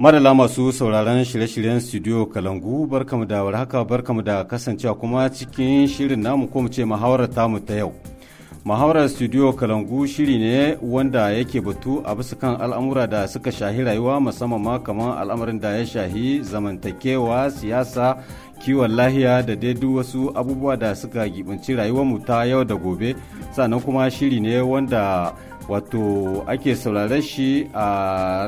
Madala masu sauraron shirye-shiryen studio Kalangu barkamu da warhaka barkamu da kasancewa kuma cikin shirin namu ko mu ce muhawarar tamu ta yau. Muhawarar studio Kalangu shiri ne wanda yake batu a bisa kan al'amura da suka shahi rayuwa musamman ma kamar al'amarin da ya shahi zamantakewa, siyasa, kiwon lahiya da dai duk wasu abubuwa da suka gibinci rayuwarmu ta yau da gobe. Sannan kuma shiri ne wanda wato ake saurare shi a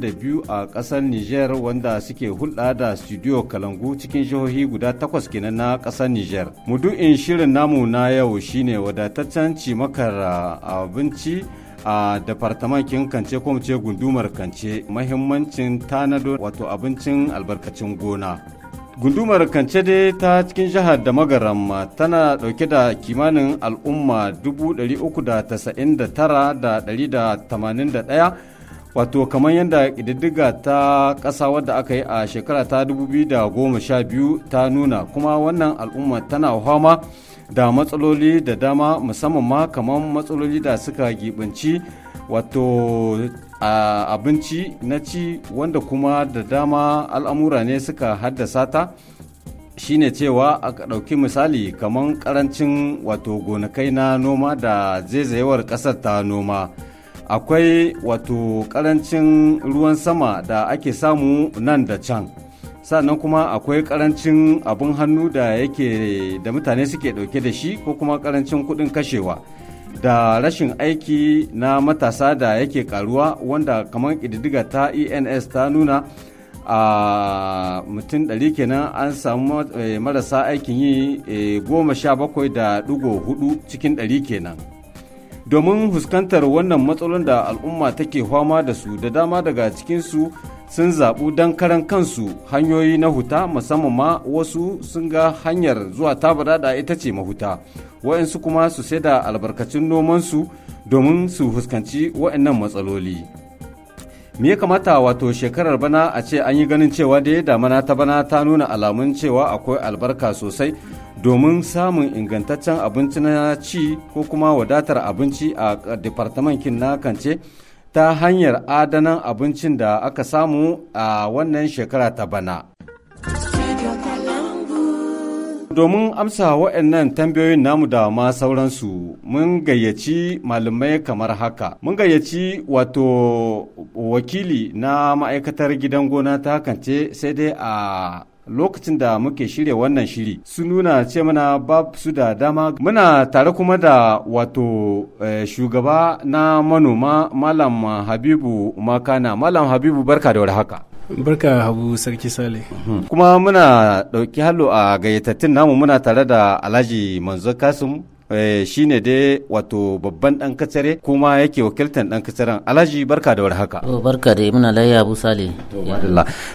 da biyu a ƙasar niger wanda suke hulɗa da studio kalangu cikin jihohi guda takwas kenan na ƙasar niger mudu'in shirin namu na yau shine wadataccen cimakar abinci a departamentin kance ko mu ce gundumar kance mahimmancin tanado wato abincin albarkacin gona Gundumar Kancede ta cikin jihar da tana dauke da kimanin al'umma 399,181 wato kamar yadda ƙididdiga ta ƙasa wadda aka yi a shekara ta 2012 ta nuna kuma wannan al'umma tana fama da matsaloli da dama musamman ma kamar matsaloli da suka gibanci wato abinci na ci wanda kuma da dama al'amura ne suka haddasa ta shine cewa aka ɗauki misali kamar karancin wato gonakai na noma da zaizayewar ƙasar ta noma akwai wato karancin ruwan sama da ake samu nan da can sannan kuma akwai karancin abin hannu da yake da mutane suke ɗauke da shi ko kuma karancin kuɗin kashewa da rashin aiki na matasa da yake karuwa wanda kamar ƙididdiga ta ens ta nuna a mutum ɗari kenan an samu eh, marasa aikin yi eh, goma sha bakwai da hudu cikin ɗari kenan domin fuskantar wannan matsalolin da al'umma take fama da su da dama daga cikinsu sun zaɓu don karan kansu hanyoyi na huta musamman ma wasu sun ga hanyar zuwa tabada da ita ce mahuta waɗansu kuma su sai da albarkacin nomansu domin su fuskanci waɗannan matsaloli me ya kamata wato shekarar bana a ce an yi ganin cewa da damana ta bana ta nuna alamun cewa akwai albarka sosai domin samun ingantaccen abinci na ci ko kuma wadatar abinci a departamentin na kance ta hanyar adanan abincin da aka samu a wannan shekara ta bana. Domin amsa waɗannan tambayoyin namu da ma sauransu mun gayyaci malamai kamar haka. Mun gayyaci wato wakili na ma'aikatar gidan gona ta kance sai dai a lokacin da muke shirya wannan shiri su nuna ce mana ba su da dama muna tare kuma da wato eh, shugaba na manoma malam habibu makana malam habibu barka da haka. Barka Habu Sarki Sale. Mhm. Kuma muna ɗauki hallo a gayyatattun namu muna tare da Alhaji Manzo Kasim eh, shi ne dai wato babban ɗan kacare kuma yake wakiltar ɗan kacaren. Alhaji barka da warhaka. To barka dai muna layya Abu Sale.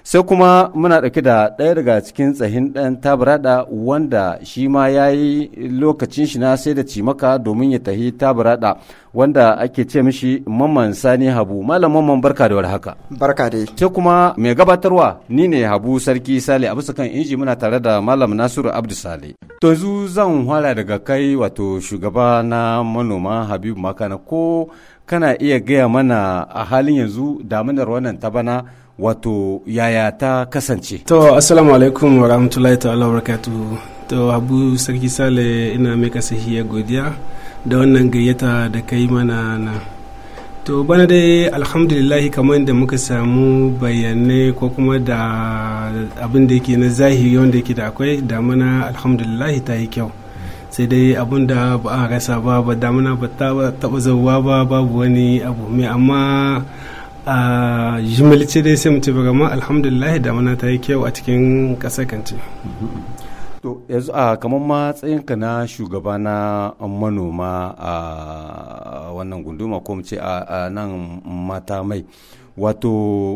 Sai kuma muna ɗauki da ɗaya daga cikin tsahin ɗan tabarada wanda shi ma ya yi lokacin shi na sai da cimaka domin ya tahi tabarada wanda ake ce mishi Mamman Sani Habu. Malam Mamman barka da warhaka. Barka dai. kuma mai gabatarwa ni ne Habu Sarki Sale a bisa kan inji muna tare da Malam Nasiru Abdu Sale. To yanzu zan fara daga kai wato shugaba na manoma Habibu Makana ko kana iya gaya mana a halin yanzu daminar wannan ta bana wato yaya ta kasance. To assalamu alaikum wa rahmatullahi ta'ala wa barakatuhu. To Habu Sarki Sale ina mai godiya. da wannan gayyata da kai mana na to bana dai alhamdulillah kamar da muka samu bayanai ko kuma da abin da yake na zahiri wanda yake da akwai damana alhamdulillah ta yi kyau sai dai abin da ba a rasa ba ba damana ba taba zauwa ba babu wani abu mai amma a jimilce dai sai mutu ba gama alhamdulillah damana ta yi kyau a cikin ƙasar kance mm-hmm. To yanzu a kamar matsayinka na shugaba na manoma a wannan gunduma ko mu ce a nan mata mai wato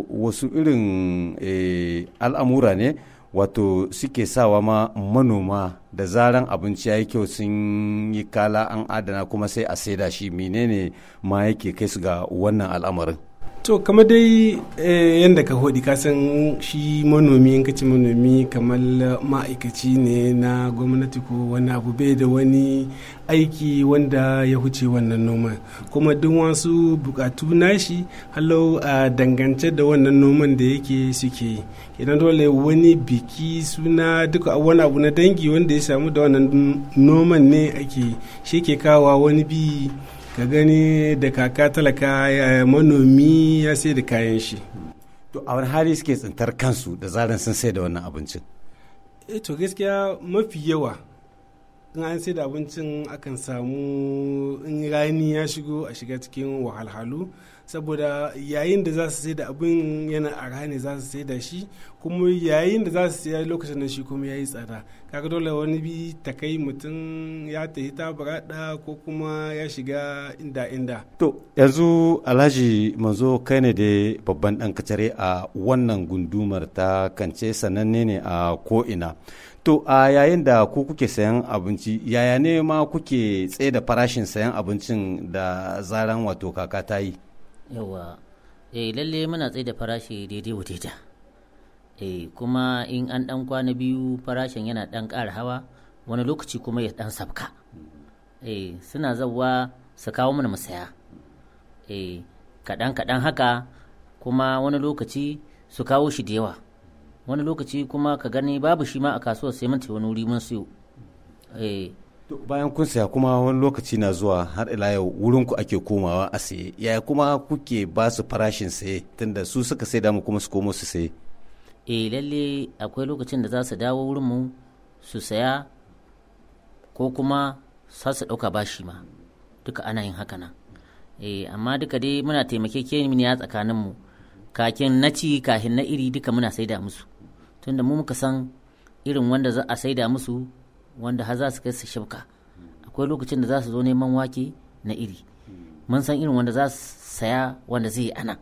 wasu irin e, al'amura ne wato suke sawa ma manoma da zaran abinci ya yi kyau sun yi kala an adana kuma sai a saida shi menene ma yake kai su ga wannan al'amarin. to kamar dai eh, yadda ka hodi kasan shi manomi in kaci manomi kamar ma'aikaci ne na gwamnati ko wani abu bai da wani aiki wanda ya huce wannan noman kuma duk wasu bukatu nashi halau a dangance da wannan noman da yake suke yi idan dole wani biki suna duka wani abu na dangi wanda ya samu da wannan noman ne ake shi ke kawa wani bi ka gani da kaka talaka manomi ya sai da kayan shi to a wani hali suke tsintar kansu da zaran sun sai da wannan abincin eh to gaskiya mafi yawa in an sai da abincin akan samu in rani ya shigo a shiga cikin wahalhalu saboda yayin da za su sai da abin yana a rani za su sai da shi kuma yayin da za su sai lokacin da shi kuma ya yi tsada kaga dole wani bi ta kai mutum ya tafi ta ko kuma ya shiga inda inda to yanzu alhaji manzo kai ne da babban dan kacare a wannan gundumar ta kance sananne ne a ko ina To a yayin da ku kuke sayan abinci yaya ne ma kuke tsaye da farashin sayan abincin da zaran wato kaka ta yi? Yawa, e, eh, lalle muna tsaye da farashi daidai wa daida. Eh kuma in an ɗan kwana biyu farashin yana ɗan ƙara hawa wani lokaci kuma ya ɗan sabka. e suna zawa su kawo mana mu saya. Eh, kaɗan kaɗan haka kuma wani lokaci su kawo shi da yawa. wani lokaci kuma ka gani babu shi ma a kasuwar sai mun wani wuri mun siyo eh. bayan kun saya kuma wani lokaci na zuwa har ila yau wurin ku ake komawa a saye yaya kuma kuke ba su farashin saye tunda su suka sai damu kuma su komo su saye eh lalle akwai lokacin da za su dawo wurin mu su saya ko kuma sa su ɗauka bashi ma duka ana yin haka nan eh amma duka dai muna taimake taimakekeniya tsakanin mu kakin na ci kahin na iri duka muna saida musu tunda mu muka san irin wanda za a saida musu wanda har za su kai su shibka akwai lokacin da za su zo neman wake na iri mun san irin wanda za su saya wanda zai yi anan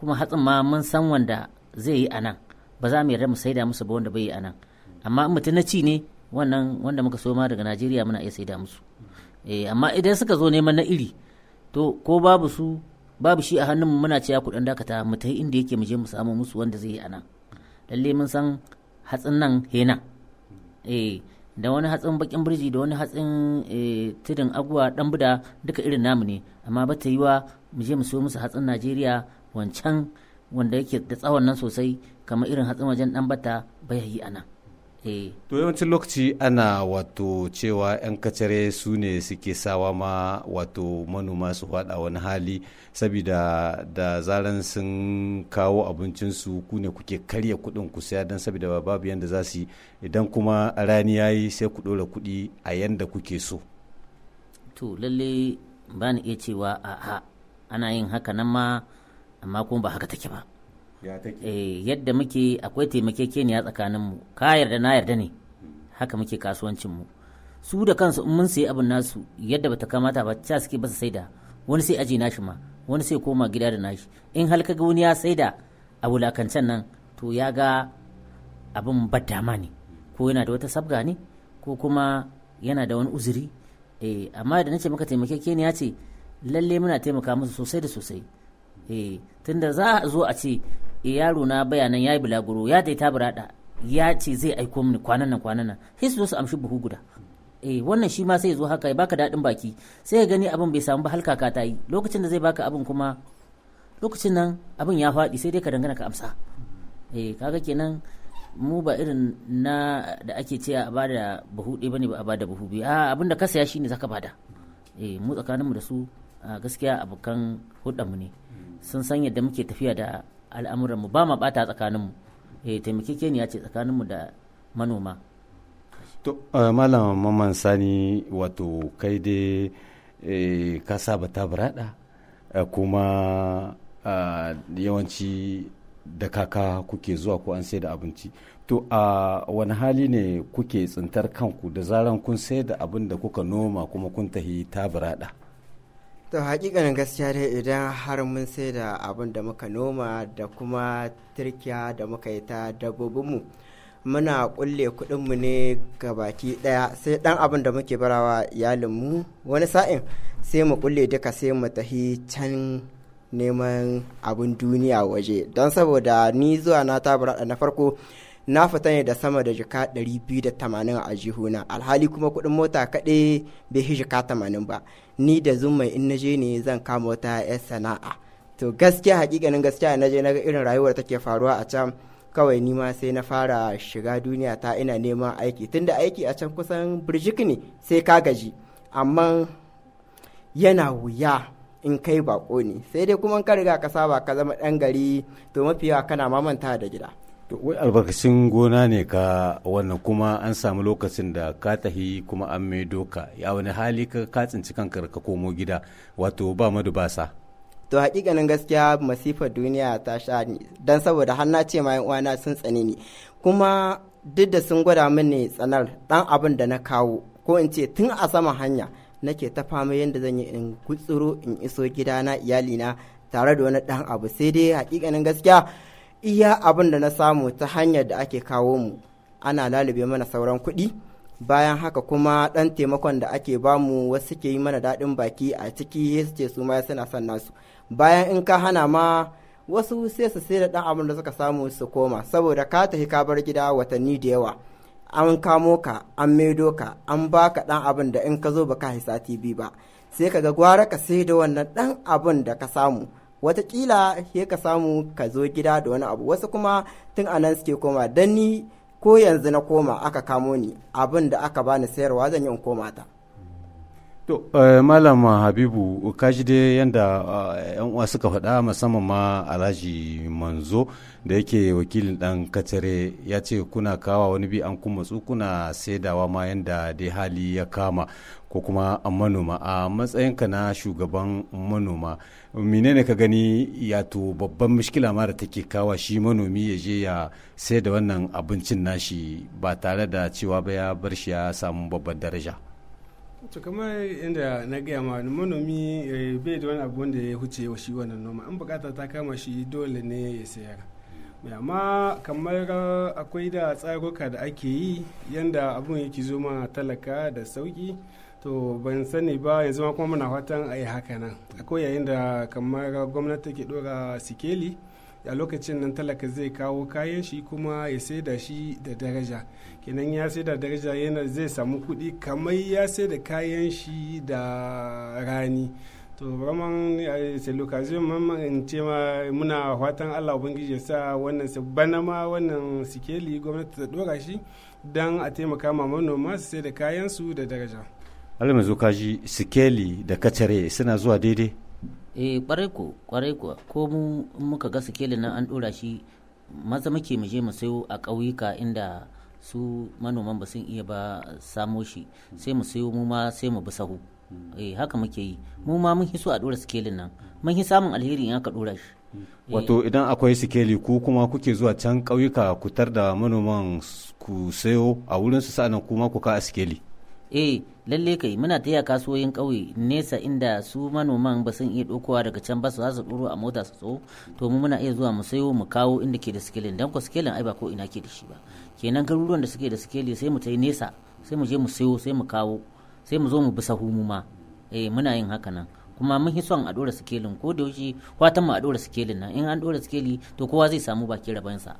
kuma hatsin ma mun san wanda zai yi anan ba za mu yarda mu saida musu ba wanda bai yi anan amma in mutum na ci ne wannan wanda muka so ma daga najeriya muna iya saida musu eh amma idan suka zo neman na iri to ko babu su babu shi a hannun muna cewa kudin dakata mu ta inda yake muje je mu samu musu wanda zai yi a nan. lalle mun san hatsin nan he'na eh da wani hatsin bakin birji da wani hatsin eh, tudun aguwa dan buda duka irin namu ne amma ba ta yi wa mu je mu so musu hatsin najeriya wancan wanda yake da tsawon nan sosai kamar irin hatsin wajen dan bata bai yi anan Eh. to yawancin lokaci ana wato cewa 'yan kacare su ne suke sawa ma wato manoma su faɗa wani hali sabida da zaran sun kawo abincinsu ku ne kuke karya kuɗin ku saya don sabida babu yadda za su yi idan kuma rani ya yi sai ku ɗora kuɗi a yadda kuke so to lalle ba ni iya cewa a'a ana yin haka nan ma amma kuma ba haka take ba Eh, yadda muke akwai taimakekeniya tsakanin mu ka yarda na yarda ne haka muke kasuwancin mu su da kansu in mun sayi abin nasu yadda bata kamata ba ta suke basa saida wani sai aji nashi ma wani sai koma gida da nashi in halka kaga wani ya saida a wulakancan nan to ya ga abin baddama ne ko yana da wata sabga ne ko kuma yana da wani uzuri eh amma da nace maka taimakekeniya ce lalle muna taimaka musu sosai da sosai eh tunda za a zo a ce Eh, yaro na bayanan ya yi bulaguro ya dai ta burada ya ce zai aiko mini kwanan nan kwanan nan sai su amshi buhu guda eh wannan shi ma sai ya zo haka ya baka daɗin baki sai ya gani abin bai samu ba halka ka ta yi lokacin da zai baka abin kuma lokacin nan abin ya faɗi sai dai ka dangana ka amsa eh kaga kenan mu ba irin na da ake cewa a bada buhu ɗaya bane ba a bada buhu biyu a abin da ka saya shine zaka bada eh mu tsakaninmu da su gaskiya abokan mu ne sun san yadda muke tafiya da al'amuranmu ba ma bata tsakaninmu eh ya ce tsakaninmu da manoma to eh, malam mamman sani wato kai dai eh, ka saba ta burada eh, kuma yawanci da kaka kuke zuwa ko an sai da abinci to a wani hali ne kuke tsintar kanku da zaran kun sai da abin da kuka noma kuma kun tahi ta burada to hakikanin gaskiya dai idan har mun sai da abin da muka noma da kuma turkiya da muka yi ta dabbobinmu muna kulle kudinmu ne ga baki daya sai dan abin da muke barawa iyalinmu wani sa'in sai mu kulle duka sai mu tafi can neman abin duniya waje don saboda ni zuwa na tabarada na farko na fita ne da sama da jika 280 a jihuna alhali kuma kudin mota kaɗai bai shi jika 80 ba ni da zumai in na je ne zan kama wata 'yar sana'a to gaskiya hakikanin gaskiya na je naga irin rayuwar take faruwa a can kawai ni ma sai na fara shiga duniya ta ina neman aiki tunda aiki a can kusan birjik ne sai ka gaji amma yana wuya in kai bako ne sai dai kuma ka riga ka saba ka zama ɗan gari to mafi yawa kana mamanta da gida wai albarkacin gona ne ka wannan kuma an samu lokacin da ka tahi kuma an mai doka ya wani hali ka ka tsinci kanka ka komo gida wato ba madu ba sa to hakikanin gaskiya masifar duniya ta sha ni dan saboda har na ce mai uwana sun tsane ni kuma duk da sun gwada min ne tsanar dan abin da na kawo ko in ce tun a sama hanya nake ta fama yadda zan yi in gutsuro in iso gidana iyalina tare da wani dan abu sai dai hakikanin gaskiya iya abin da na samu ta hanyar da ake kawo mu ana lalube mana sauran kuɗi bayan haka kuma ɗan taimakon da ake bamu wasu ke yi mana daɗin baki a ciki su ce su ma suna son nasu bayan in ka hana ma wasu sai su sai da ɗan abin da suka samu su koma saboda ka tafi ka bar gida watanni da yawa an kamo ka an maido ka an baka ɗan abin da in ka zo baka sati biyu ba sai ka ga gwara ka sai da wannan ɗan abin da ka samu watakila ya ka samu ka zo gida da wani abu wasu kuma tun a nan suke koma don ni ko yanzu na koma aka kamo ni abin da aka bani sayarwa zan yi in koma ta To, eh, malam Habibu, kashi dai yadda eh, ‘yan uwa suka faɗa musamman ma Alhaji Manzo da yake wakilin dan Katare ya ce kuna kawa wani bi an kuma su kuna saidawa ma yadda dai hali ya kama. ko kuma manoma a matsayinka na shugaban manoma menene ka gani yato babban mishkila ma da take kawa shi manomi ya je ya sai da wannan abincin nashi ba tare da cewa ba ya bar shi ya samu babban daraja to kamar inda na gaya ma manomi eh, bai da wani abu wanda ya huce wa shi wannan noma an bukata ta kama shi dole ne ya sayar amma kamar akwai da tsaruka da ake yi yanda abun yake zo ma talaka da sauki to ban sani ba yanzu ma kuma muna fatan a yi haka nan akwai yayin da kamar gwamnati ke ɗora sikeli a lokacin nan talaka zai kawo kayan shi kuma ya sai da shi da daraja kenan ya sai da daraja yana zai samu kuɗi kamar ya sai da kayan shi da rani to raman lokacin mamman ce ma muna fatan allah ubangiji ya sa wannan bana ma wannan sikeli gwamnati ta dora shi don a taimaka ma manoma su sai da kayan su da daraja alamazu kaji sikeli da kacare suna zuwa daidai eh kwarai ko kwarai ko ko mu muka ga sikeli nan an dora shi maza muke mu je mu sayo a ƙauyuka inda su manoman ba sun iya ba samo shi sai mu sayo mu ma sai mu bi sahu eh haka muke yi mu ma mun hiso a dora sikelin nan mun hi samun alheri in aka dora shi eh. wato idan akwai sikeli ku kuma kuke zuwa can ƙauyuka ku tar da manoman ku sayo a wurin su sa'anan kuma ku ka a sikeli eh lalle kai muna taya kasuwoyin ƙauye nesa inda su manoman ba sun iya ɗaukowa daga can ba su za su ɗoro a mota su tsawo to mu muna iya zuwa mu sayo mu kawo inda ke da sikelin dan ko sikelin ai ba ko ina ke da shi ba kenan garuruwan da suke da sikeli sai mu tai nesa sai mu je mu sayo sai mu kawo sai mu zo mu bi humu ma eh muna yin haka nan kuma mun son a dora sikelin ko da yaushe fatan mu a dora sikelin nan in an dora sikeli to kowa zai samu baki rabansa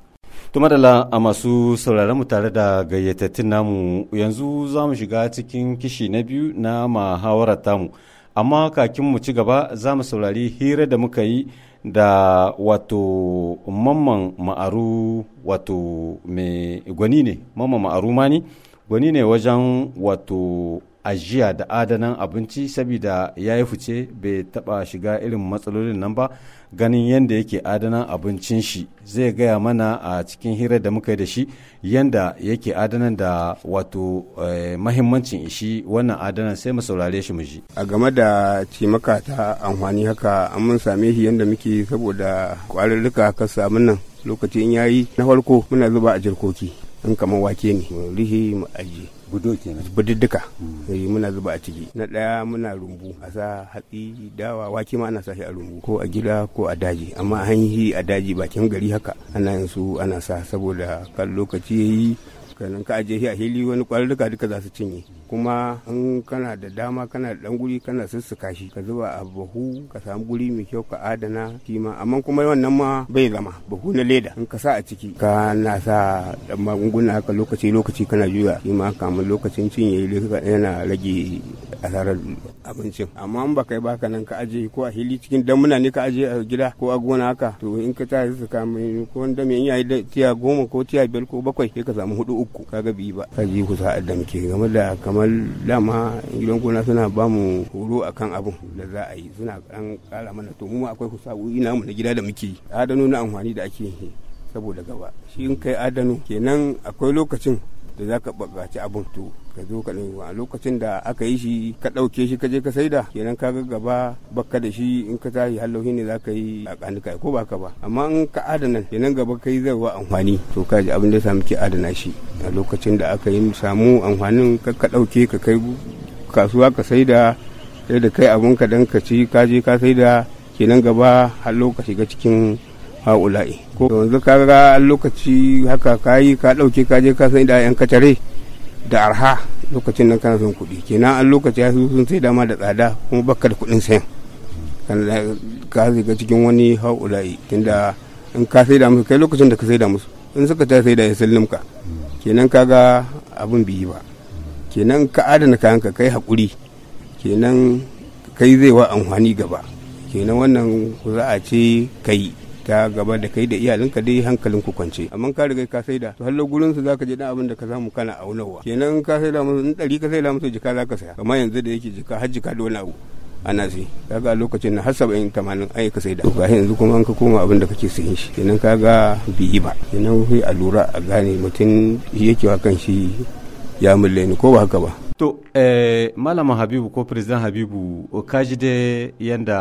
tuma da a masu sauraron mu tare da gayyatattun namu yanzu za mu shiga cikin kishi na biyu na mahawarar tamu. Amma kakin mu ci gaba za mu saurari hira da muka yi da wato mamman ma'aru wato mai gwani ne, mamman ma'aru ne, gwani ne wajen wato ajiya da adanan abinci saboda ya yi fice bai taba shiga irin matsalolin nan ba ganin yadda yake adanan abincin shi zai gaya mana a cikin hira da muka yi da shi yadda yake adanan da wato eh, mahimmancin ishi wannan adanan sai mu saurare shi mu ji a game da cimaka ta amfani haka an mun same shi yadda muke saboda kwarurruka ka samu nan lokacin yayi na farko muna zuba a jirkoki in kamar wake ne rihi mu ajiye budo kenan budiddika hmm. eh, muna zuba a ciki na daya muna rumbu a sa hatsi dawa wake ma ana sa shi a rumbu ko a gida ko a daji amma an a daji bakin gari haka ana yin su ana sa saboda kan lokaci yayi kanan ka aje shi a hili wani kwarurruka duka za su cinye kuma in kana da dama kana da dan guri kana sussuka shi ka zuba a bahu ka samu guri mai kyau ka adana kima amma kuma wannan ma bai zama buhu na leda in ka sa a ciki ka na sa da magunguna haka lokaci lokaci kana juya shi ma lokacin cin yayi yana rage asarar abincin amma in baka yi baka nan ka aje ko a hili cikin damuna ne ka aje a gida ko a gona haka to in ka ta sussuka mai ko wanda mai yayi tiya goma ko tiya biyar ko bakwai sai ka samu hudu uku kaga bi ba ka ji kusa da muke game da kamar dama gidan gona suna ba mu horo a kan abin da za a yi suna an ƙara mana to mu akwai kusa'o'i namu na gida da muke yi adano na amfani da ake yi saboda gaba shi in kai adano kenan akwai lokacin da za ka bagaci abin to ka zo ka ɗauki a lokacin da aka yi shi ka ɗauke shi ka je ka saida kenan ka ga gaba bakka da shi in ka tashi hallohi ne za ka yi a ƙanika ko ba ka ba amma in ka adana kenan gaba ka yi zai wa amfani to ka ji abin da samu ke adana shi a lokacin da aka yi samu amfanin ka ka ɗauke ka kai kasuwa ka saida sai da kai abin ka dan ka ci ka je ka saida kenan gaba har ka shiga cikin haula'i ko yanzu ka ga lokaci haka ka yi ka dauke ka je ka san da yan katare da arha lokacin nan kana son kuɗi kenan an lokaci ya sun sai dama da tsada kuma baka da kuɗin sayan ka zai ga cikin wani haula'i tunda in ka sai da musu kai lokacin da ka sai da musu in suka ta sai da ya sallimka kenan kaga abin biyi ba kenan ka adana kayanka kai haƙuri kenan kai zai wa amfani gaba kenan wannan za a ce kai ta gaba da kai da iyalinka dai hankalin ku kwance amma ka riga ka saida to hallo gurin su zaka je dan abin da ka samu kana aunawa kenan ka saida musu in dari ka saida musu jika zaka saya amma yanzu da yake jika har jika da wani abu ana sai kaga lokacin na har in tamanin ai ka sai da ga yanzu kuma an ka koma abin da kake sayin shi kenan kaga biyi ba kenan sai a lura a gane mutum yake wa kan shi ya mulle ni ko ba haka ba To, eh, Malama Habibu ko president Habibu, kaji dai yadda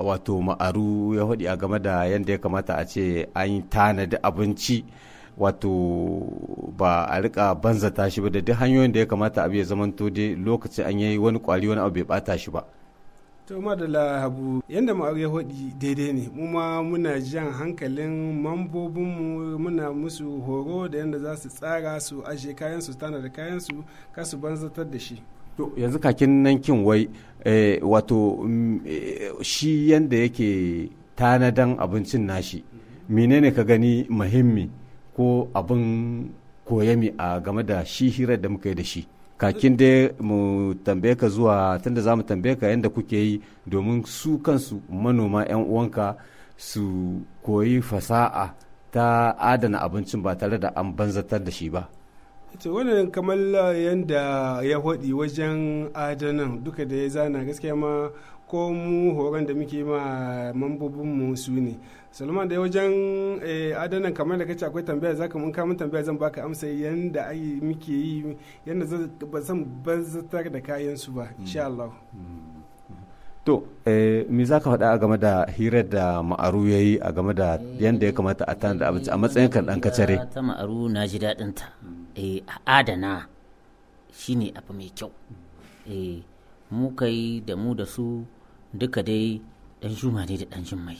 wato ma'aru ya hudu a game da yadda ya kamata a ce an yi tanadi abinci wato ba a rika banza tashi ba da duk hanyoyin da ya kamata abu ya zamanto dai lokacin an yi wani kwari wani abu bai bata shi ba. to madala habu yadda mu ya hodi daidai ne mu ma muna jan hankalin mambobinmu muna musu horo da yadda za su tsara su ajiye kayan su tana da kayan su kasu banzatar da shi to yanzu kakin nan kin wai eh, wato mm, eh, shi yadda yake tanadan abincin nashi menene ka gani muhimmi ko abin koyami a game da shi hirar da muka yi da shi kakin dai mu tambaye ka zuwa tunda za mu tambaye ka yadda kuke yi domin su kansu manoma 'yan uwanka su koyi fasa'a ta adana abincin ba tare da an banzatar da shi ba to wannan kamar yadda ya haɗi wajen adanan duka da ya zana gaskiya ma ko mu horon da muke ma mu su ne salman da wajen eh, adanan kamar da kace akwai tambaya zaka mun kamun tambaya zan baka amsa yanda ai muke yi yanda ba zan bazatar da kayan su ba insha mm. Allah mm. to eh, me za ka faɗa a game da hirar da ma'aru ya yi a game da yadda ya kamata a tana da abinci a matsayin kan ɗan kacare ta ma'aru na ji daɗin ta eh, a adana shine abu mai kyau mu kai da mu da su duka dai dan juma ne da dan jimmai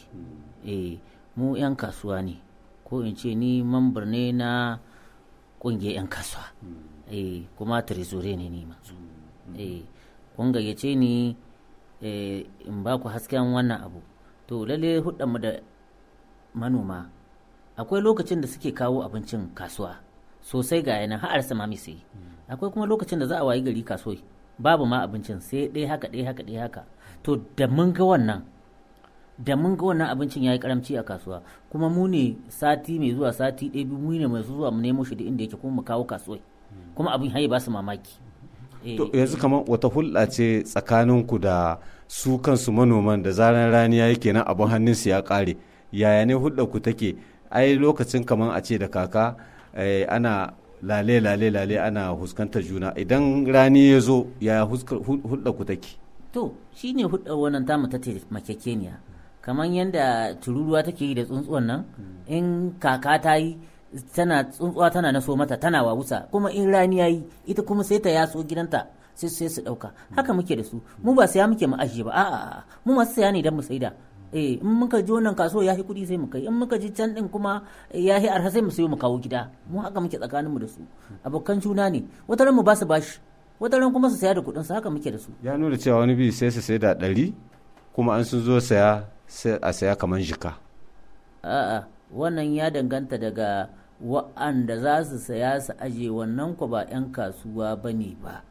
eh mu yan kasuwa ne ko in ce ni mambar ne na kungiyar yan kasuwa eh kuma trezore ne ni ma eh kun gayyace ni eh, in ba ku hasken wannan abu to lalle mu da manoma akwai lokacin da suke kawo abincin kasuwa sosai ga yana har sama sai akwai kuma lokacin da za a wayi gari kasuwa babu ma abincin sai dai haka dai haka dai haka to da mun ga wannan da mun ga wannan abincin ya yi karamci a kasuwa kuma mu ne sati mai zuwa sati ɗaya biyu mu ne mai zuwa mu nemo shi da inda yake kuma mu kawo kasuwai kuma abin haye ba su mamaki eh. to yanzu kamar wata hulɗa ce tsakanin ku da su kansu manoman da zaran rani ya kenan abin hannun su ya kare yaya ne hulɗar ku take ai lokacin kamar a ce da kaka eh, ana lale lale lale ana huskantar juna idan rani ya zo yaya hulɗa ku take to shi ne hudar wannan tamu ta makekeniya kamar yadda tururuwa take yi da tsuntsuwan nan in kaka ta yi tana tsuntsuwa tana naso mata tana wawusa kuma in rani yi ita kuma sai ta yaso gidanta sai sai su dauka haka muke da su mu ba saya muke mu ba a'a mu masu saya ne dan mu saida eh in muka ji wannan kaso ya fi kuɗi sai mu kai in muka ji can din kuma ya fi arha sai mu sayo mu kawo gida mu haka muke tsakanin mu da su abokan juna ne wata ran mu ba su bashi wadannan kuma su saya da kuɗinsu su haka muke da su ya nuna cewa wani bi sai su saida da ɗari kuma an sun zo saya sai a saya kamar jika a'a wannan ya danganta daga wa'anda za su saya su aje wannan ku ba 'yan kasuwa ba ne ba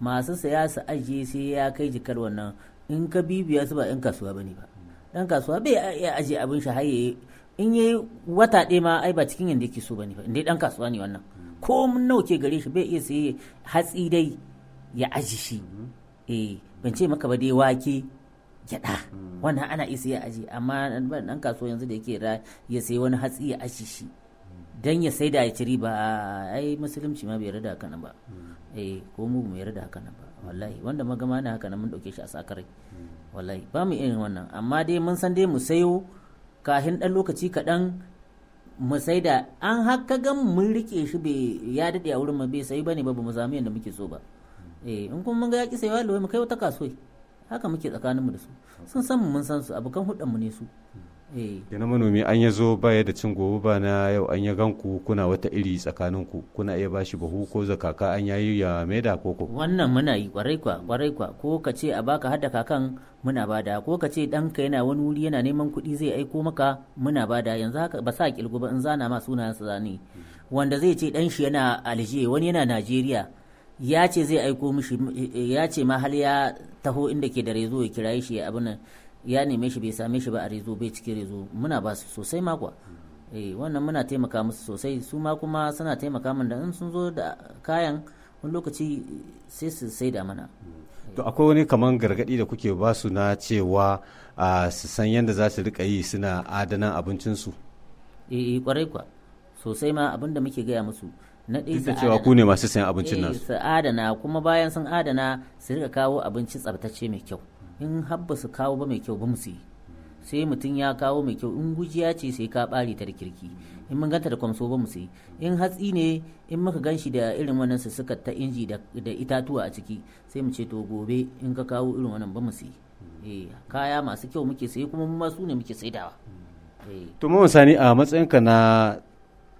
masu saya su aje sai ya kai jikar wannan in ka bibiya su ba 'yan kasuwa ba ne ba ɗan kasuwa bai iya aje abin shi haye in yayi wata ɗaya ma ai ba cikin yanda yake so ba ne ba in dai kasuwa ne wannan ko nawa ke gare shi bai iya saye hatsi dai ya aji shi eh ban ce maka ba dai wake gyaɗa hmm. wannan ana iya saye aji amma an kaso yanzu da yake ra ya sayi wani hatsi ya aji shi hmm. dan ya sai da ya ci riba ai musulunci ma bai yarda haka ba hmm. eh ko mu bai yarda haka ba wallahi wanda magama na haka nan mun dauke shi a sakarai wallahi ba mu irin wannan amma dai mun san dai mu sayo kahin dan lokaci kaɗan mu sai da an haka gan mun rike shi bai ya dade a wurin mu bai sai bane ba mu zamu yanda muke so ba eh in kuma mun ga yaki sai lawai mu kai wata kasuwa haka muke tsakanin mu da su sun san mun san su abukan hudan mu ne su Eh. na manomi an ya zo baya da cin gobe ba na yau an ya ganku kuna wata iri tsakanin ku kuna iya bashi buhu ko zakaka an yayi ya maida ko ko. Wannan muna yi kwarai kwa kwarai kwa ko ka ce a baka hadda kakan muna bada ko ka ce ka yana wani wuri yana neman kuɗi zai aiko maka muna bada yanzu haka ba sa kilgu ba in zana ma sa zane wanda zai ce dan shi yana Alje wani yana Najeriya. ya ce zai aiko mishi ya ce ma har ya taho inda ke da rezo ya kira shi abin nan ya neme shi bai same shi ba a rezo bai cikin rezo muna ba su sosai makwa eh wannan muna taimaka musu sosai su ma kuma suna taimaka min da in sun zo da kayan wani lokaci sai su sai da mana hmm. to akwai wani kaman gargadi da kuke ba su na cewa su san yadda za su rika yi suna adana abincinsu eh kwarai eh, kwa sosai ma abin da muke gaya musu na ɗaya da cewa ku ne masu sayan abincin eh, nasu su adana kuma bayan sun adana su rika kawo abinci tsabtace mai kyau in har ba su kawo ba mai kyau ba mu sai sai mutum ya kawo mai kyau in gujiya ce sai ka bare ta da kirki in mun ganta da kwamso ba mu sai in hatsi ne in muka ganshi da irin wannan su suka ta inji da itatuwa a ciki sai mu ce to gobe in ka kawo irin wannan ba mu sai eh, kaya masu kyau muke sai kuma mu ma su ne muke saidawa eh. to mu sani a matsayinka na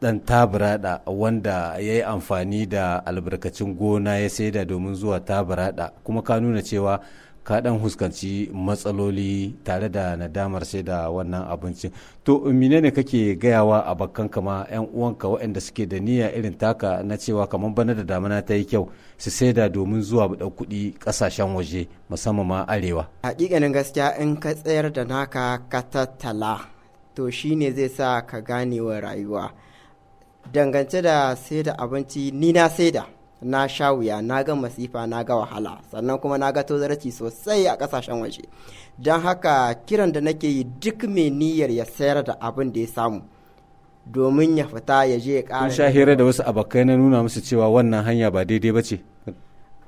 dan tabarada wanda ya yi amfani da albarkacin gona ya saida domin zuwa tabarada kuma ka nuna cewa ka dan huskanci matsaloli tare da nadamar sai da wannan abincin to mine ne kake gayawa a bakkan kama yan uwanka waɗanda suke da niyya irin taka na cewa kamar bana da damana ta yi kyau su saida domin zuwa buɗa kuɗi ƙasashen waje musamman ma arewa haƙiƙanin gaskiya in ka tsayar da naka ka tattala to shine zai sa ka ganewa rayuwa dangance da saida abinci ni na saida na sha wuya na ga masifa na ga wahala sannan kuma na ga tozarci sosai a kasashen waje don haka kiran da nake yi duk mai niyyar ya sayar da abin da ya samu domin ya fita ya je ya kara sha hira da wasu abokai na nuna musu cewa wannan hanya ba daidai ba ce.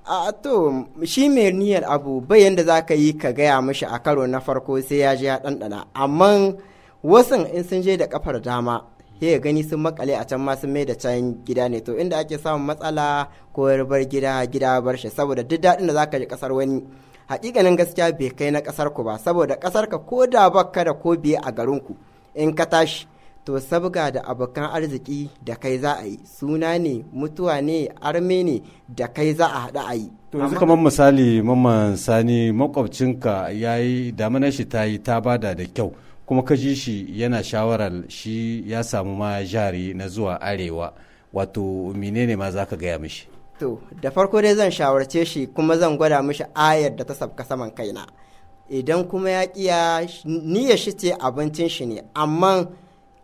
a to shi mai niyyar abu bayan da za ka yi ka gaya mashi a karo na farko sai ya je ya ɗanɗana amma wasan in sun je da kafar dama he gani sun makale a can ma sun mai da can gida ne to inda ake samun matsala ko bar gida gida bar shi saboda duk daɗin da zaka ji kasar wani hakikanin gaskiya bai kai na kasar ku ba saboda kasar ka ko da baka da ko biye a garin ku in ka tashi to sabga da abokan arziki da kai za a yi suna ne mutuwa ne arme ne da kai za a haɗa a yi to yanzu kamar misali mamman sani makwabcinka ya yi damanar shi ta yi ta bada da kyau kuma ka ji shi yana shawarar shi ya samu ma jari na zuwa arewa wato menene ma za ka gaya mishi to da farko dai zan shawarce shi kuma zan gwada mishi ayar da ta sabka saman kaina idan kuma ya kiya niyyar shi ce abincin shi ne amma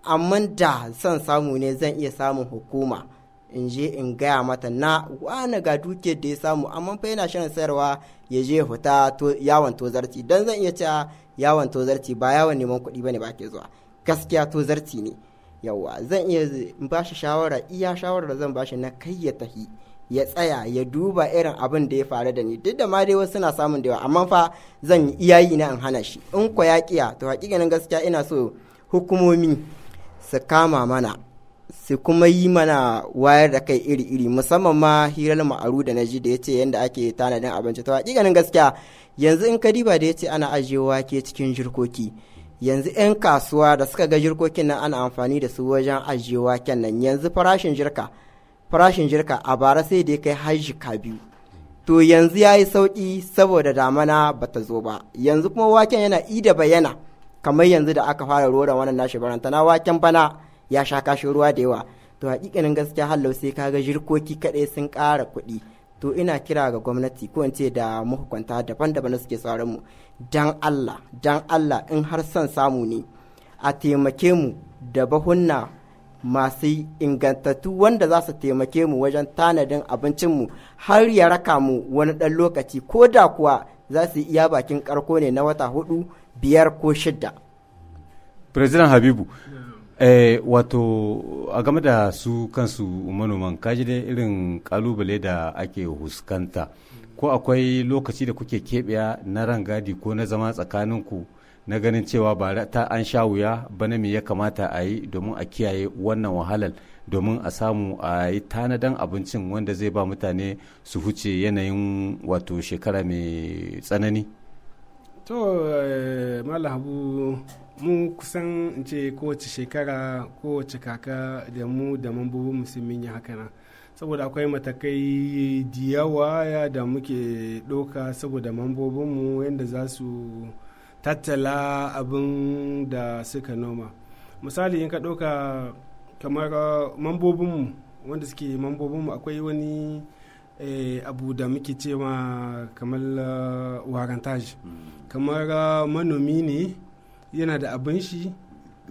amma da son samu ne zan iya samun hukuma in je in gaya mata na wani ga duke da ya samu amma fa yana shirin sayarwa ya je fita yawon tozarci don zan iya cewa yawon tozarci ba yawon neman kuɗi ba ne ba ke zuwa gaskiya tozarci ne yawa zan iya ba shi shawara iya shawarar da zan ba shi na kai ya tahi ya tsaya ya duba irin abin da ya faru da ni duk da ma dai wasu suna samun da yawa amma fa zan yi iyayi na in hana shi in ko ya kiya to haƙiƙanin gaskiya ina so hukumomi su kama mana su kuma yi mana wayar da kai iri-iri musamman ma hirar ma'aru da na ji da ya ce yadda ake tanadin abinci ta waƙi ganin gaskiya yanzu in ka diba da ya ce ana ajiye wake cikin jirkoki yanzu 'yan kasuwa da suka ga jirkokin nan ana amfani da su wajen ajiye waken nan yanzu farashin jirka farashin jirka a bara sai da ya kai har jika biyu to yanzu ya yi sauƙi saboda damana ba ta zo ba yanzu kuma waken yana ida bayyana kamar yanzu da aka fara rora wannan nashi barantana waken bana ya sha kashin ruwa da yawa to hakikanin gaskiya hallau sai kaga jirkoki kaɗai sun kara kuɗi to ina kira ga gwamnati ko in ce da mahukunta daban-daban da suke sauran mu dan Allah dan Allah in har son samu ne a taimake mu da bahunna masu ingantattu wanda za su taimake mu wajen tanadin abincin mu har ya raka mu wani dan lokaci ko da kuwa za su iya bakin karko ne na wata hudu biyar ko shidda. President Habibu, Eh, wato a game da su kansu manoman kaji dai irin kalubale da ake huskanta ko akwai lokaci da kuke keɓe na rangadi ko na zama tsakaninku na ganin cewa ba ta an sha wuya bana me ya kamata a yi domin a kiyaye wannan wahalar domin a samu a yi tanadan abincin wanda zai ba mutane su huce yanayin wato shekara mai tsanani to eh, malam mu kusan in ce kowace shekara kowace kaka da mu da mambobin musulmin ya haka na saboda akwai matakai diyawa ya da muke doka saboda mambobinmu yadda za su tattala abin da suka noma misali in ka doka kamar eh, mambobinmu wanda suke mambobinmu akwai wani Eh, abu da muke cewa kamar eh, warantaj kamar eh, manomi ne yana da abin shi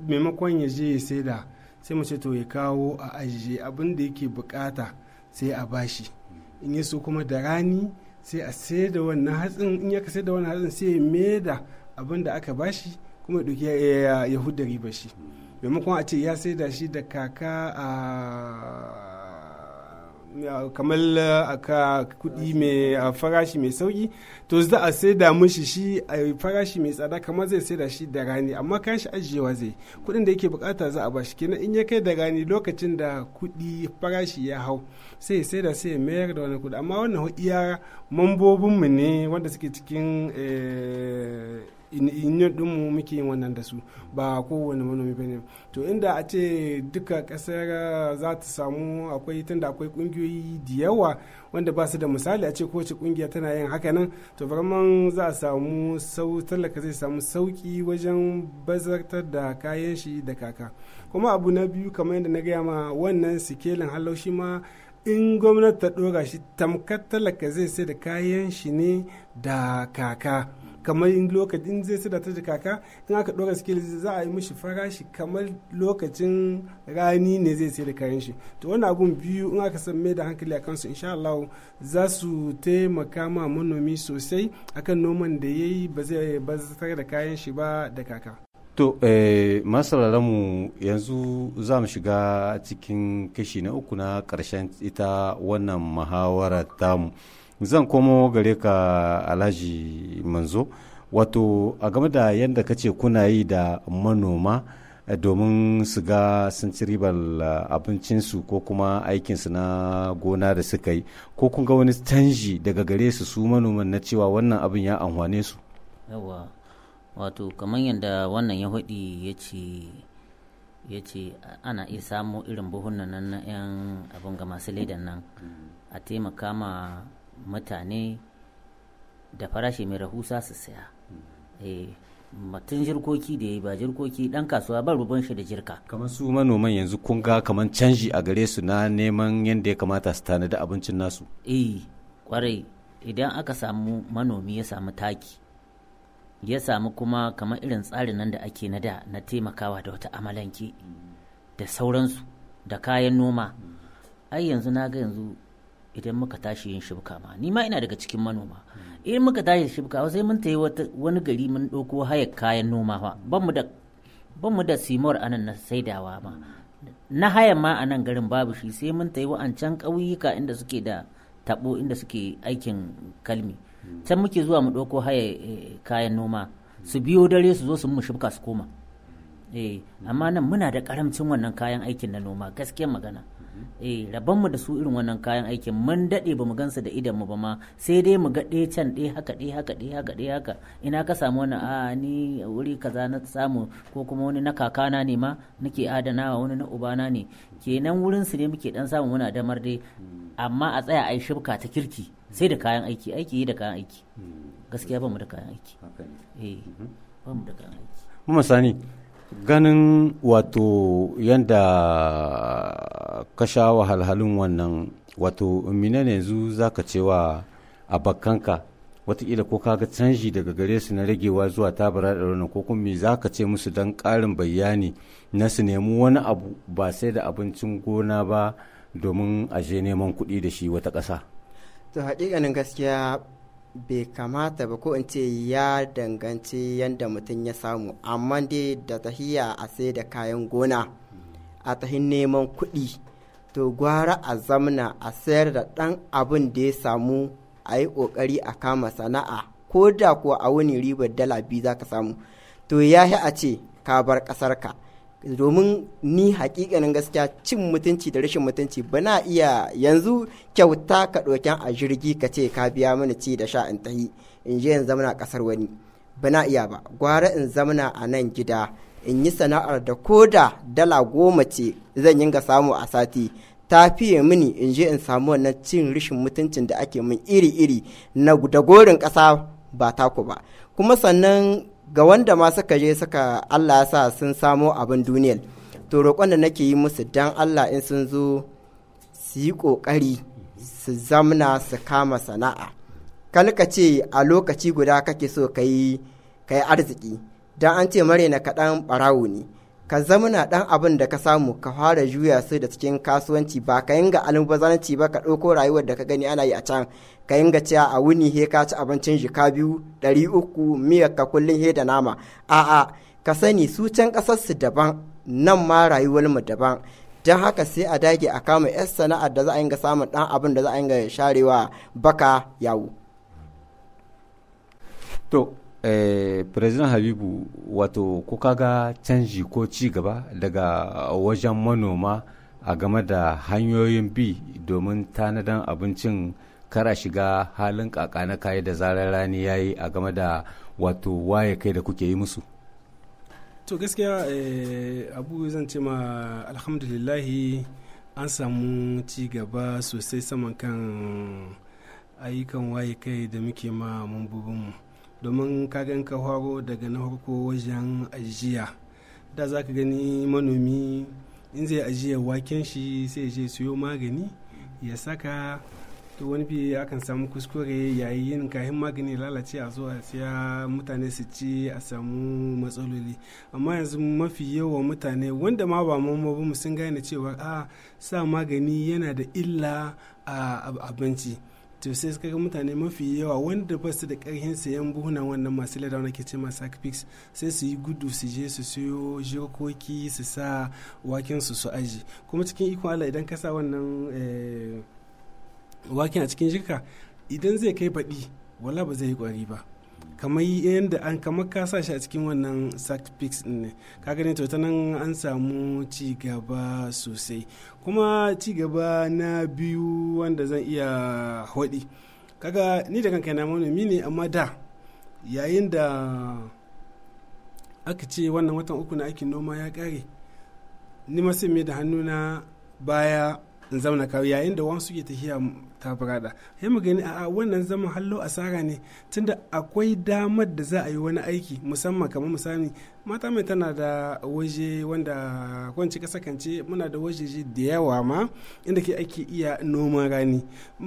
maimakon ya je ya saida sai mace to ya kawo a ajiye abin da yake bukata sai a bashi in yi so kuma da rani sai a saida wannan hatsin in ya ka saida wannan hatsin sai ya da abin da aka bashi kuma ya hudari riba shi maimakon a ce ya saida shi da kaka a kamar eh, aka kuɗi mai farashi mai sauki to za a sai da mushi shi a farashi mai tsada kamar zai sai da shi da rani amma kan shi ajiyewa zai kuɗin da yake bukata za a bashi kenan in ya kai da rani lokacin da kuɗi farashi ya hau sai sai da sai mayar da wani kuɗi amma wannan iya mambobinmu ne wanda suke cikin eh, in din mu muke yin wannan da su ba kowane manomi ba bane to inda a ce duka kasar za ta samu akwai tunda akwai kungiyoyi da yawa wanda ba su da misali a ce kowace kungiya tana yin haka nan to vraiment za a samu sau talaka zai samu sauki wajen bazartar da kayan shi da kaka kuma abu na biyu kamar yadda na gaya ma wannan sikelin halaushi ma in gwamnati ta dora shi tamkar talaka zai sai da kayan shi ne da kaka kamar in lokacin zai sida ta kaka in aka ɗora skill za a yi mishi farashi kamar lokacin rani ne zai sai da kayan shi to wani abun biyu in aka san mai da hankali a kansu insha Allah za su taimaka ma manomi sosai akan noman da ya yi ba zai bazatar da kayan shi ba da kaka To, eh, mu yanzu za mu shiga cikin kashi na uku na karshen ita wannan muhawarar tamu. zan komo gare ka alhaji manzo wato a game da yadda ka ce kuna yi da manoma eh, domin su ga sun ci ribar eh, abincinsu ko kuma aikinsu na gona da suka yi ko kun ga wani canji daga gare su su manoman na cewa wannan abin ya amfane su yawa wato kamar yadda wannan ya hudi ya ce ana iya samo irin buhunan nan na 'yan abin ga masu ledan nan a taimaka ma mutane da farashi mai rahusa su saya eh, matun jirkoki da ya ba jirkoki dan kasuwa ba ruban shi da jirka kamar su manoman yanzu kun ga kamar canji a gare su na neman yadda ya kamata su tanadi abincin nasu e eh, kwarai idan aka samu manomi ya samu taki ya samu kuma kamar irin tsarin nan da ake na da na taimakawa da wata amalanke da sauransu da kayan noma ai yanzu na ga yanzu idan muka tashi yin shibka ma ni ma ina daga cikin manoma idan muka tashi shibka sai mun tayi wani gari mun ɗauko hayar kayan noma ba ban mu da ban mu simor anan na saidawa ma na haya ma a garin babu shi sai mun tayi wa'ancan ƙauyuka inda suke da tabo inda suke aikin kalmi can muke zuwa mu ɗauko haya eh, kayan noma su biyo dare su zo su mu shibka su koma eh, amma nan muna da karamcin wannan kayan aikin na noma gaskiyar magana eh rabon mu da su irin wannan kayan aikin mun dade bamu gansu da idan mu ba ma sai dai mu ga ɗaya can ɗaya haka ɗaya haka ɗaya haka ɗaya haka ina ka samu wani a ni wuri kaza na samu ko kuma wani na kakana ne ma nake adanawa wani na ubana ne kenan wurin su ne muke dan samu muna damar dai amma a tsaya a yi shibka ta kirki sai da kayan aiki aiki da kayan aiki gaskiya ba mu da kayan aiki eh mhm. ba mu da kayan aiki sani ganin wato yanda ka sha wahalhalun wannan wato mine ne yanzu za ka cewa a bakkanka watakila ko kaga canji daga gare su na ragewa zuwa tabara da rana ko kuma me za ka ce musu don karin bayani na su nemi wani abu ba sai da abincin gona ba domin a je neman kuɗi da shi wata ƙasa to haƙiƙanin gaskiya bai kamata ba ko in ce ya danganci yadda mutum ya samu amma dai da tahiya a sai da kayan gona a tahin neman kuɗi to gwara a zamna a sayar da ɗan abin da ya samu a yi ƙoƙari a kama sana'a ko da kuwa a wani ribar dala biyu za ka samu to ya yi a ce ka bar ƙasarka domin ni hakikanin gaskiya cin mutunci da rashin mutunci bana iya yanzu kyauta ka ɗoken a jirgi ka ce ka biya mana ci da sha in tahi in je in zamana ƙasar wani bana iya ba gwara in zamana a nan gida in yi sana'ar da koda dala goma ce zan yinga samu a sati ta fiye mini in je in samu wannan cin rishin mutuncin da ake min iri-iri na da gorin ƙasa ba taku ba kuma sannan ga wanda ma suka je suka allah sa sun samo abin duniyar to roƙon da nake yi musu dan allah in sun zo su yi ƙoƙari su zamna su kama sana'a kalka ce a lokaci guda kake so ka yi arziki don an ce mare na kaɗan ɓarawo ne ka zamana dan abin da ka samu ka fara juya su da cikin kasuwanci ba ka yinga almubazanci ba ka ɗauko rayuwar da ka gani ana yi a can ka yinga cewa a wuni he ka ci abincin jika biyu ɗari uku miyar ka kullum he da nama a'a ka sani su can su daban nan ma rayuwar mu daban don haka sai a dage a kama 'yan sana'ar da za a yinga samun dan abin da za a yinga sharewa baka yawo. To, Eh, president habibu wato ko kaga canji ko ci gaba daga wajen manoma a game da hanyoyin bi domin tanadan abincin kara shiga halin kaka na kayi da zarar rani ya yi a game da wato waye kai da kuke yi musu to gaskiya eh, abu zan ce ma alhamdulillahi an samu ci gaba sosai saman kan ayyukan waye kai da muke ma mambobinmu domin kagan ka faro daga na farko wajen ajiya da za ka gani manomi in zai ajiya waken shi sai je siyo magani ya saka to wani bi akan samu kuskure yayin kayan magani lalace a zuwa siya mutane su ci a samu matsaloli amma yanzu mafi yawan mutane wanda ma ba mamma sun gane cewa a ah, sa magani yana da illa a abinci to sai suka ga mutane mafi yawa wanda ba su da karhin sayan buhunan wannan masu leda na ke ce masu sai su yi gudu su je su siyo jirkoki su sa waken su su aji kuma cikin ikon Allah idan ka sa wannan eh, waken a cikin jirka idan zai kai baɗi wala ba zai yi ƙwari ba kamar yadda an kama ka sa shi a cikin wannan sact pigs din ne ka gani to ta nan an samu ci gaba sosai kuma ci gaba na biyu wanda zan iya hodi kaga ni da kanka na manomi ne amma da yayin da aka ce wannan watan uku na aikin noma ya kare ni masu mai da hannuna baya in zauna kawai yayin da wasu ke tafiya ta burada ya mu gani a wannan zaman hallo asara ne tunda akwai damar da za a yi wani aiki musamman kamar misali mata mai tana da waje wanda kwanci kance muna da waje da yawa ma inda ke ake iya noman rani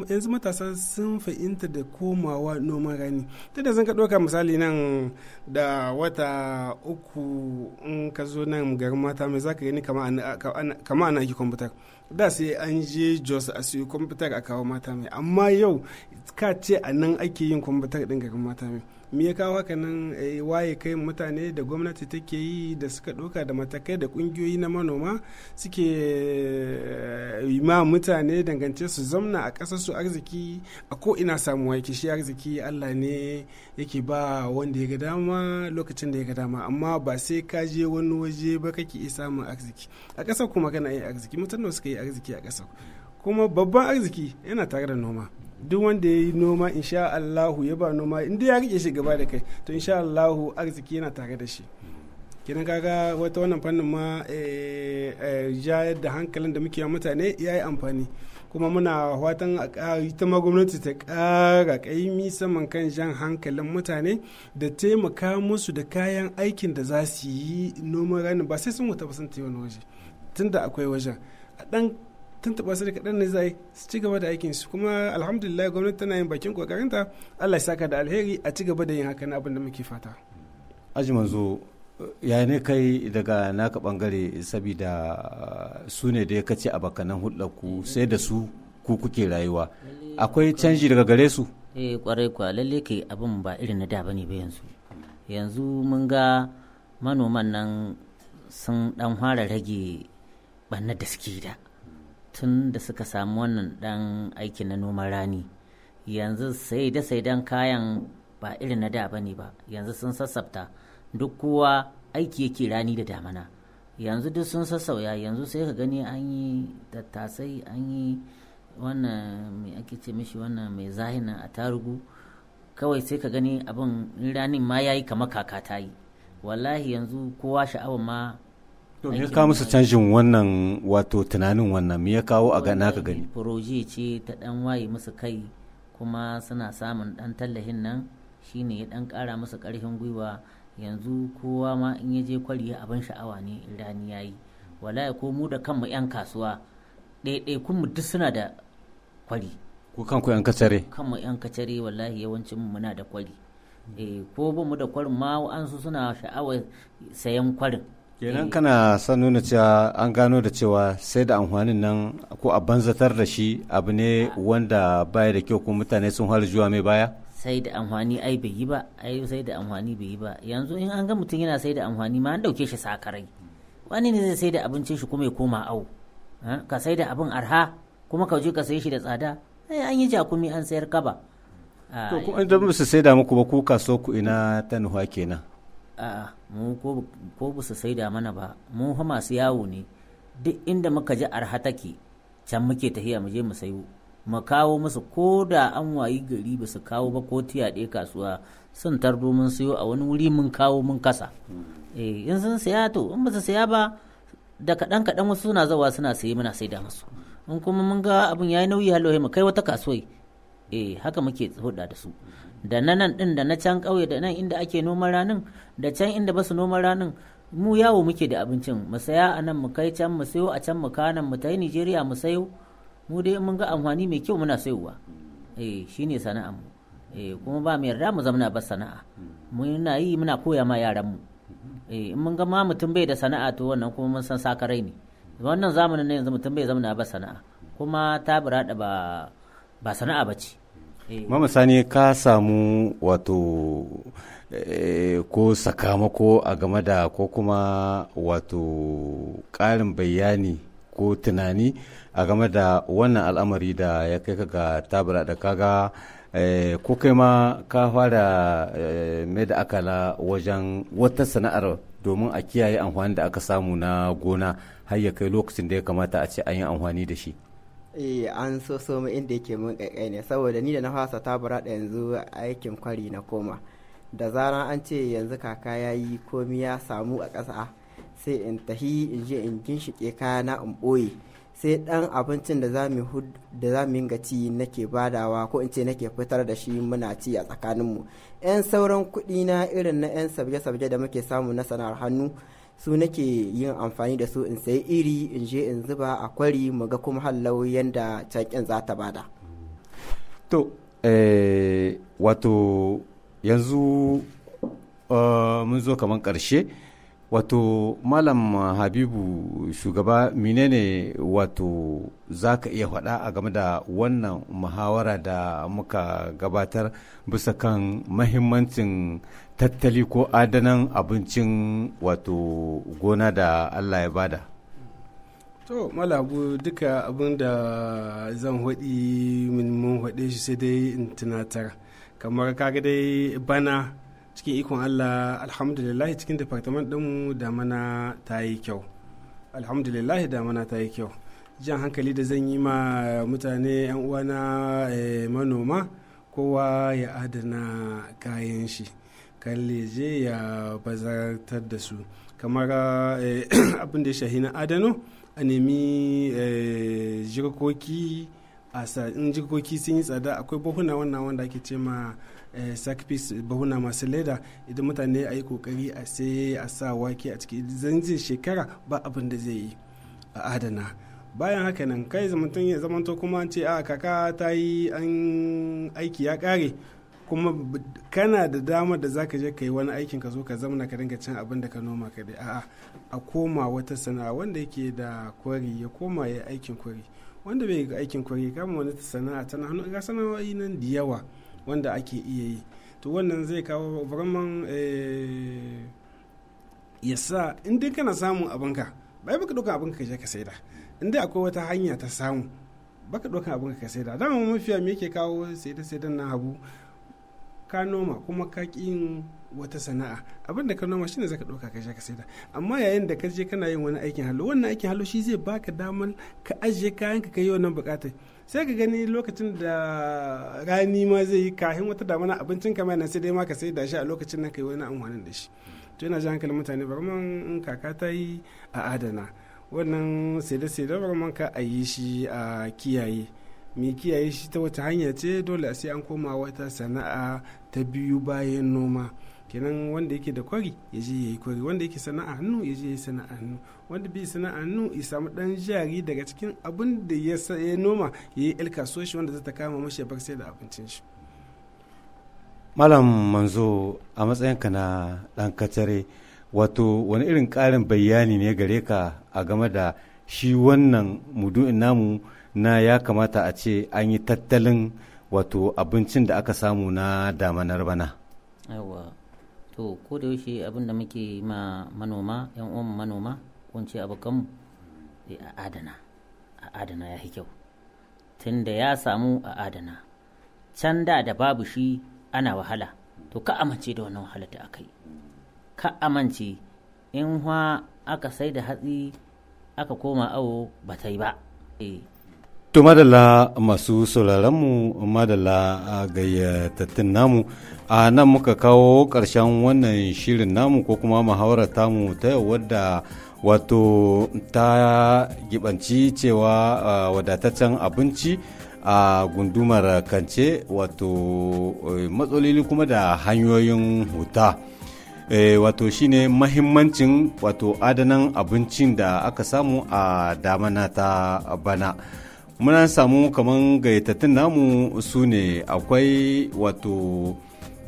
yanzu matasa sun fahimta da komawa noman rani ta da zan ka ɗauka misali nan da wata uku in ka zo nan garin mata mai za ka gani kama ana aiki kwamfutar da sai an je jos a siyo kwamfutar a kawo mata mai amma yau ka ce a nan ake yin kwamfutar ɗin ga mata mai me ya kawo haka nan eh, waye kai mutane da gwamnati take yi da suka ɗauka da matakai da ƙungiyoyi na manoma suke eh, ma mutane dangance su zamna a ƙasar su arziki a ko ina samu yake shi arziki allah ne yake ba wanda ya ga dama lokacin da ya ga dama amma ba sai ka je wani waje ba kake iya samun arziki a ƙasar kuma kana yin arziki mutane suka yi arziki a ƙasar kuma babban arziki yana tare da noma duk wanda ya yi noma insha Allahu ya ba noma inda ya rike shi gaba da kai to insha Allahu arziki yana tare da shi kina kaga wata wannan fannin ma eh, eh, ja da hankalin da muke mutane ya yi amfani kuma muna watan a ta ma gwamnati ta ƙara ƙaimi saman kan jan hankalin mutane da taimaka musu da kayan aikin da za su yi noman ranin ba sai sun wuta ba sun ta waje tunda akwai wajen a ɗan tuntuɓa su da kaɗan ne zai su ci gaba da aikin su kuma alhamdulillah gwamnati tana yin bakin kokarinta Allah ya saka da alheri a ci gaba da yin hakan abin da muke fata aji manzo ya ne kai daga naka bangare saboda ah, su ne da ya kace bakanan hulɗar ku sai da su ku kuke rayuwa akwai canji daga gare su eh kwarai kwa lalle kai abin ba irin na da bane ba yanzu yanzu mun ga manoman nan sun dan fara rage bannar da suke da tun da suka samu wannan dan aiki na noman rani yanzu sai da sai dan kayan ba irin na da bane ba yanzu sun sassafta duk kowa aiki yake rani da damana yanzu duk sun sassauya yanzu sai ka gani an yi tattasai an yi wannan mai ake ce mishi wannan mai zahina a tarugu kawai sai ka gani abin ranin ma ya yi kama kaka ta yi wallahi yanzu kowa sha'awar ma to me ya kawo musu canjin wannan wato tunanin wannan me ya kawo a gana ka gani proje ce ta dan waye musu kai kuma suna samun dan tallahin nan shine ya dan kara musu karfin gwiwa yanzu kowa ma in ya je kwari abin sha'awa ne in rani yayi wallahi ko mu da kanmu yan kasuwa kun mu duk suna da kwari ko kanku yan kacare kanmu yan kacare wallahi yawancin muna da kwari eh, ko ba mu da kwarin ma an su suna sha'awar sayan kwarin kenan kana son nuna cewa an gano da cewa sai da amfanin nan ko a banzatar da shi abu ne wanda baya da kyau ko mutane sun har zuwa mai baya sai da amfani ai bai yi ba ai sai da amfani bai yi ba yanzu in an ga mutum yana sai da amfani ma an dauke shi sakarai wani ne zai sai da abincin shi kuma ya koma au ka sai da abin arha kuma ka je ka sai shi da tsada an yi jakumi an sayar kaba to kuma idan ba su sai da muku ba ku kaso ku ina ta kenan a'a mu ko ba su saida mana ba mu fa masu yawo ne duk inda muka ji arha take can muke tafiya mu je mu sayo mu kawo musu ko da an wayi gari ba su kawo ba ko tiya ɗaya kasuwa sun tardo mun sayo a wani wuri mun kawo mun kasa eh in sun saya to in ba su saya ba da kaɗan kaɗan wasu suna zawa suna saye muna saida musu in kuma mun ga abin yayi nauyi halo mu kai wata kasuwa eh haka muke hulɗa da su da na nan ɗin da na can kauye da nan inda ake noman ranin da can inda ba su noman ranin mu yawo muke da abincin mu saya a nan mu kai can mu sayo a can mu kanan mu tai Nijeriya mu sayo mu dai mun ga amfani mai kyau muna sayowa eh shine sana'a mu eh kuma ba mu yarda mu zamna ba sana'a muna yi muna koya ma yaran mu eh in mun ga ma mutum bai da sana'a to wannan kuma mun san sakarai ne wannan zamanin ne yanzu mutum bai zamna ba sana'a kuma ta burada ba ba sana'a bace Eh. Mama Sani ka samu wato eh, ko sakamako a game da ko kuma wato ƙarin bayani ko tunani a game da wannan al'amari da ya kai ka ga tabura da kaga eh, ko kai ma ka fara mai da akala wajen wata sana'ar domin a kiyaye amfani da aka samu na gona har ya kai lokacin da ya kamata a ce an yi amfani da shi. eh an so so mu inda yake mun kai ne saboda ni da na fasa tabura da yanzu aikin kwari na koma da zara an ce yanzu kaka ya yi komi ya samu a ƙasa sai in tahi in je in ginshiƙe kayana in ɓoye sai ɗan abincin da za mu da za ci nake badawa ko in ce nake fitar da shi muna ci a tsakaninmu 'yan sauran kuɗi na irin na 'yan sabje-sabje da muke samu na sana'ar hannu su nake yin amfani da su in sayi iri in je in zuba a kwari mu ga kuma hallau yanda cakin za ta bada to eh, wato yanzu eh, mun zo kamar ƙarshe wato malam habibu shugaba menene wato za ka iya faɗa a game da wannan muhawara da muka gabatar bisa kan mahimmancin tattali ko adanan abincin wato gona da allah ya bada to malabu duka abin da zan haɗi mun haɗe shi sai dai in tunatar kamar kaga dai bana cikin ikon allah alhamdulillah cikin departament ɗinmu mu ta yi kyau alhamdulillah damana ta yi kyau jan hankali da zan yi ma mutane 'yan uwana eh, manoma kowa ya adana kayan shi kan leje ya bazartar da su kamar eh, abin da shahina na adano a nemi eh, jirkoki a in sun yi tsada akwai buhuna wannan wanda ake ce ma Eh, sakfis bahuna masu leda idan mutane a yi kokari a sai a sa wake a ciki zanzin shekara ba abin da zai yi a adana bayan haka nan kai zamantun ya zamanto kuma ce a kaka ta yi an aiki ya kare kuma kana da dama da zaka je ka yi wani aikin ka zo ka zamana ka dinga cin abin da ka noma ka dai a'a a koma wata sana'a wanda yake da kwari ya koma ya aikin kwari wanda bai aikin kwari kama wani sana'a tana hannu ga sana'o'i nan da yawa wanda ake iya yi to wannan zai kawo vraiment eh, ya sa in kana samun abinka bai baka ɗaukan abinka ka je ka saida in dai akwai wata hanya ta samu baka ɗaukan abinka ka saida dama mafiya me yake kawo saida saidan na hagu ka noma kuma ka kin wata sana'a abin da ka noma shine zaka ɗauka ka je ka saida amma yayin da ka je kana yin wani aikin hallo wannan aikin hallo shi zai baka damar ka ajiye kayan ka kai wannan bukatar sai ka gani lokacin da rani ma zai yi kahin wata damana abincin kamar nan sai dai ma ka sai da shi a lokacin nan kai wani amfani da shi to yana jan hankalin mutane bari in kaka ta yi a adana wannan saide-saide bari ka a yi shi a kiyaye mai kiyaye shi ta wata hanya ce dole sai an koma wata sana'a ta biyu bayan noma kenan wanda yake da kwari ya je yi kwari wanda yake sana'a hannu ya je yi sana'a hannu wanda bai sana'a hannu ya samu dan jari daga cikin abin da ya noma ya yi ilka shi wanda zai ta kama mashi bar sai da abincin shi malam manzo a matsayinka na dan katare wato wani irin karin bayani ne gare ka a game da shi wannan mudu'in namu na ya kamata a ce an yi tattalin wato abincin da aka samu na damanar bana to ko da yaushe abin da muke ma manoma yan uwan manoma ko ce abokanmu a adana a adana ya kyau tun da ya samu a adana can da da babu shi ana wahala to ka amince da wannan wahala ta aka yi ka amince in hwa aka sai da hatsi aka koma awo ba ta yi ba eh, To madalla masu sauraronmu madalla gayyatattun namu a nan muka kawo ƙarshen wannan shirin namu ko kuma muhawarar tamu ta yau wadda wato ta gibanci cewa wadataccen abinci a gundumar kance wato e, matsaloli kuma da hanyoyin huta. E, wato shine mahimmancin wato adanan abincin da aka samu a damana ta bana. muna samu kaman gayyatattun namu su ne akwai wato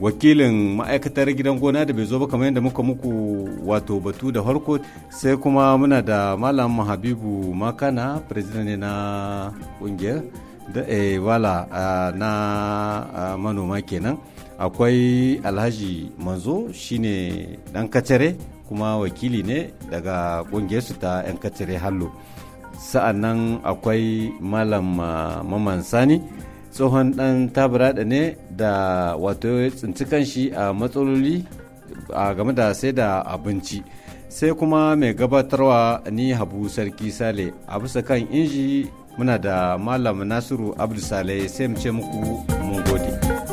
wakilin ma'aikatar gidan gona da bai zo ba kamar yadda muka muku wato batu da harko sai kuma muna da malam habibu makana president ne na kungiyar da eh, wala na manoma kenan akwai alhaji manzo shine dan kacare kuma wakili ne daga su ta 'yan kacare hallo sa'an nan akwai malam ah, maman sani tsohon ɗan tabirada ne da wato tsinci kanshi a matsaloli a game da sai da abinci sai kuma mai gabatarwa ni habu sarki sale a bisa kan inji muna da malam nasiru abdulsale sai mu ce muku mun gode.